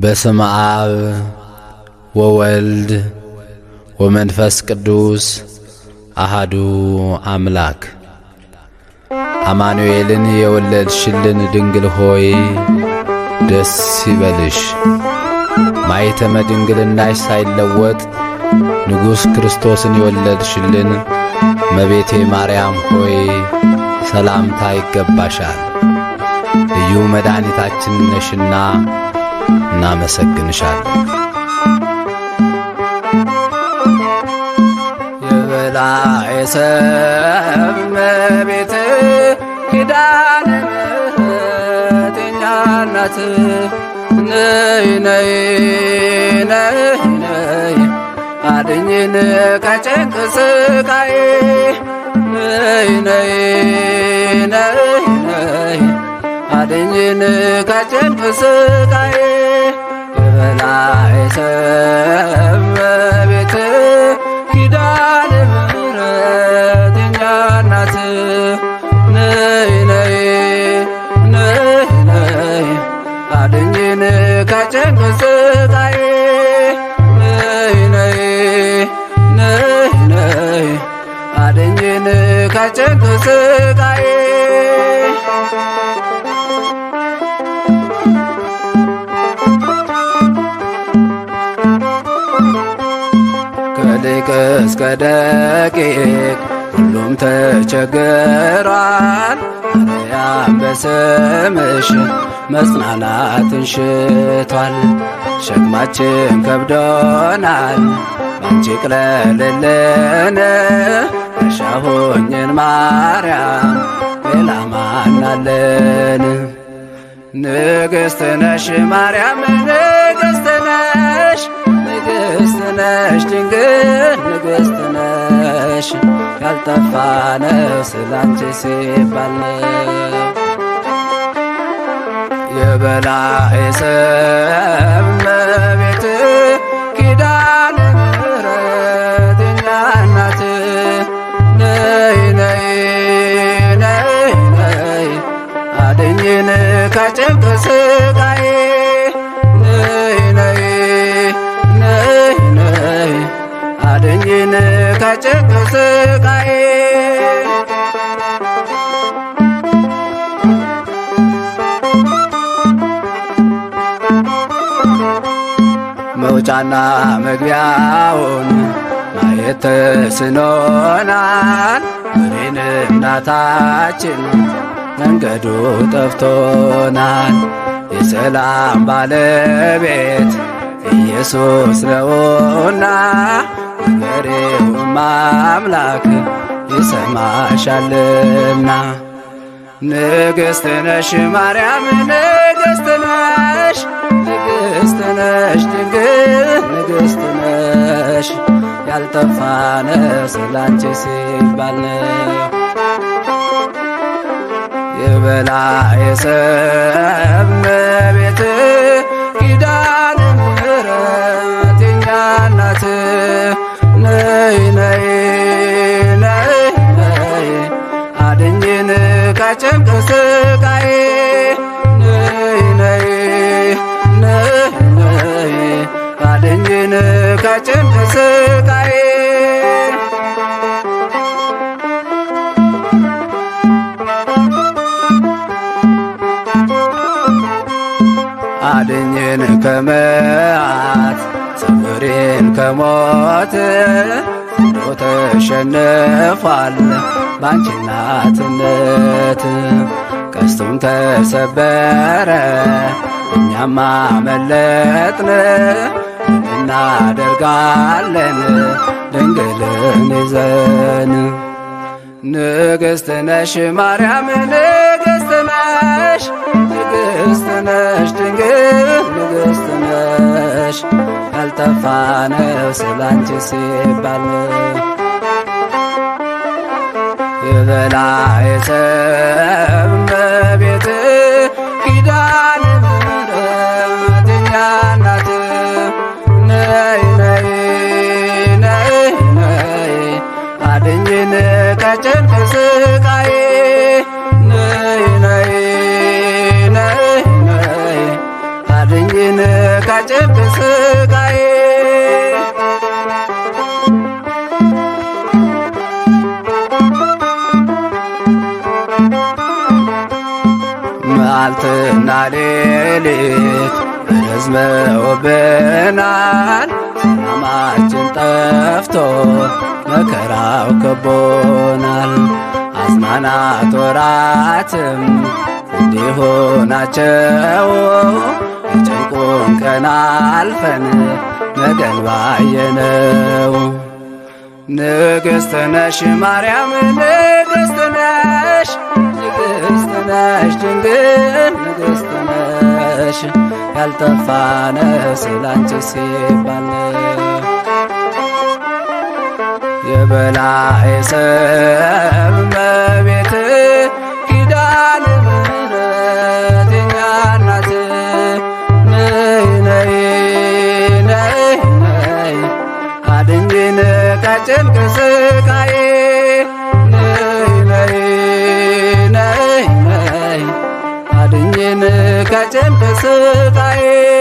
በስም አብ ወወልድ ወመንፈስ ቅዱስ አሃዱ አምላክ። አማኑኤልን የወለድሽልን ድንግል ሆይ ደስ ይበልሽ። ድንግል ድንግልናሽ ሳይለወጥ ንጉሥ ክርስቶስን የወለድሽልን መቤቴ ማርያም ሆይ ሰላምታ ይገባሻል። ልዩ መድኃኒታችን ነሽና እናመሰግንሻለን። የበላይ ሰብ እመቤት ኪዳነ ምሕረት የእኛ እናት ነይ ነይ ነይ ነይ አድኝን ከጭንቅ ስቃይ ነይ ነይ ነይ ነይ አድኝን ከጭንቅ ስቃዬ በበላይ ሰብ ኪዳነ ምሕረት የእኛ እናት ነይ ነይ ነይ ነይ አድኝን ከጭንቅ ነይ ነይ ነይ ነይ አድኝን ከጭንቅ እስከ ደቂቅ ሁሉም ተቸግሯል። ማርያም በስምሽ መጽናናትን ሽቷል። ሸክማችን ከብዶናል ባንቺ ቅለልልን። እሻ ማርያም ሌላ ማናለን? ንግሥት ነሽ ማርያምን ነሽ ድንግል ንግሥት ነሽ ያልጠፋ ነው ስላንቺ ሲባል የበላይ ሰብ መቤት ኪዳነ ምሕረት እናት ነይ ነይ ነይ ነይ አድኝን ከጭንቅ ነፍሴን ከጭንቅ ስቃይ መውጫና መግቢያውን ማየት ተስኖናል። ወሬን እናታችን መንገዱ ጠፍቶናል። የሰላም ባለቤት ኢየሱስ ነውና ፈጣሪውም አምላክ ይሰማሻልና። ንግሥት ነሽ ማርያም ንግሥት ነሽ ንግሥት ነሽ ድንግል ንግሥት ነሽ ያልጠፋነ ስላንቺ ሲባል የበላ የሰብ ስቃዬ አድኝን ከጭንቅ ስቃዬ አድኝን ከመዓት ጽብሬን ከሞት ዶ ተሸንፏል ባንቺ እናትነት ቀስቱም ተሰበረ፣ እኛም አመለጥን። እናደርጋለን ድንግልን ይዘን ንግሥት ነሽ ማርያም ንግሥት ነሽ ንግሥት ነሽ ድንግል ንግሥት ነሽ ያልጠፋ ሲባል የበላይተ እመቤት መዓልትና ሌሊት ረዝመውብናል ሰላማችን ጠፍቶ መከራው ከቦናል። አዝማናት ወራትም እንዲሁ ናቸው። የጭንቁን ቀን አልፈን ነገን ባየነው ንግሥት ነሽ ማርያም ንግሥት ነሽ ነሽ ድንግል ንግሥት ነሽ ያልጠፋነ ነፍስ ላንቺ ሲባል የበላይ ሰብ እመቤት ኪዳነ ምሕረት የእኛ እናት ነይ ነይ ነይ ነይ አድኝን ከጭንቅ ስቃይ ከጭን በስቃዬ